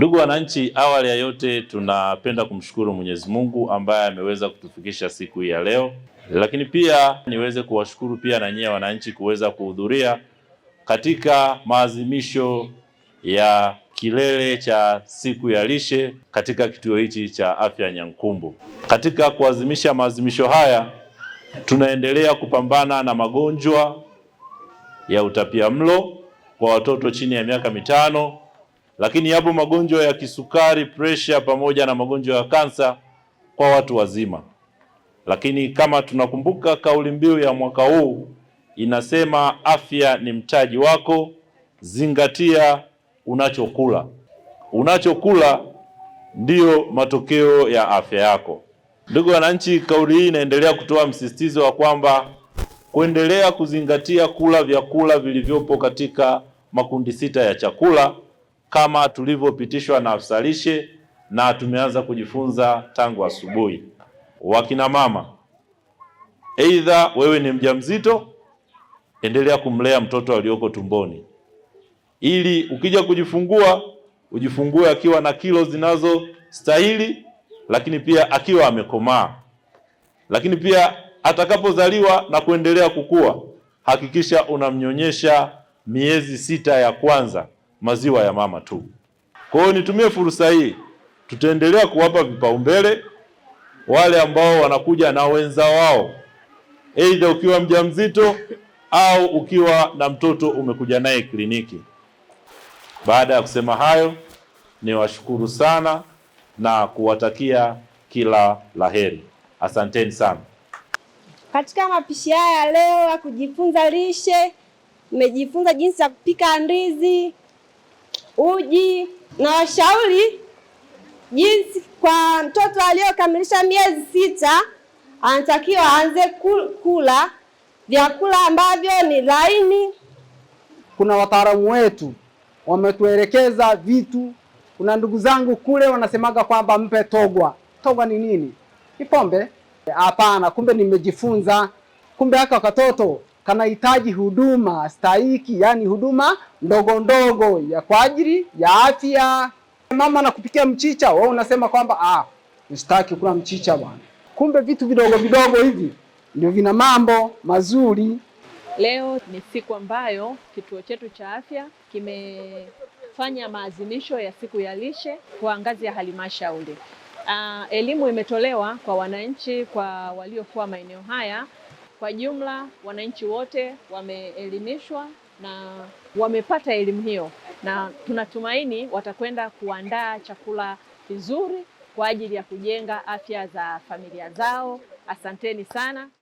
Ndugu wananchi, awali ya yote tunapenda kumshukuru Mwenyezi Mungu ambaye ameweza kutufikisha siku hii ya leo, lakini pia niweze kuwashukuru pia na nyie wananchi kuweza kuhudhuria katika maadhimisho ya kilele cha siku ya lishe katika kituo hichi cha afya Nyankumbu. Katika kuadhimisha maadhimisho haya, tunaendelea kupambana na magonjwa ya utapiamlo kwa watoto chini ya miaka mitano lakini yapo magonjwa ya kisukari, pressure pamoja na magonjwa ya kansa kwa watu wazima. Lakini kama tunakumbuka, kauli mbiu ya mwaka huu inasema afya ni mtaji wako, zingatia unachokula. Unachokula ndiyo matokeo ya afya yako. Ndugu wananchi, kauli hii inaendelea kutoa msisitizo wa kwamba kuendelea kuzingatia kula vyakula vilivyopo katika makundi sita ya chakula kama tulivyopitishwa na afisa lishe na tumeanza kujifunza tangu asubuhi. wakina mama, aidha wewe ni mjamzito, endelea kumlea mtoto aliyoko tumboni ili ukija kujifungua ujifungue akiwa na kilo zinazostahili, lakini pia akiwa amekomaa, lakini pia atakapozaliwa na kuendelea kukua, hakikisha unamnyonyesha miezi sita ya kwanza maziwa ya mama tu. Kwa hiyo nitumie fursa hii, tutaendelea kuwapa vipaumbele wale ambao wanakuja na wenza wao, aidha ukiwa mjamzito au ukiwa na mtoto umekuja naye kliniki. Baada ya kusema hayo, niwashukuru sana na kuwatakia kila laheri. Asanteni sana. Katika mapishi haya leo ya kujifunza lishe, nimejifunza jinsi ya kupika ndizi uji na washauri jinsi kwa mtoto aliyokamilisha miezi sita anatakiwa aanze kula vyakula ambavyo ni laini. Kuna wataalamu wetu wametuelekeza vitu. Kuna ndugu zangu kule wanasemaga kwamba mpe togwa. Togwa ni nini? Kipombe? Hapana, kumbe nimejifunza, kumbe haka katoto kanahitaji huduma stahiki, yani huduma ndogo ndogo ya kwa ajili ya afya. Mama nakupikia mchicha, wewe unasema kwamba ah, nishtaki kula mchicha bwana. Kumbe vitu vidogo vidogo hivi ndio vina mambo mazuri. Leo ni siku ambayo kituo chetu cha afya kimefanya maadhimisho ya siku ya lishe kwa ngazi ya halmashauri. Uh, elimu imetolewa kwa wananchi, kwa waliokuwa maeneo haya kwa jumla, wananchi wote wameelimishwa na wamepata elimu hiyo, na tunatumaini watakwenda kuandaa chakula kizuri kwa ajili ya kujenga afya za familia zao. Asanteni sana.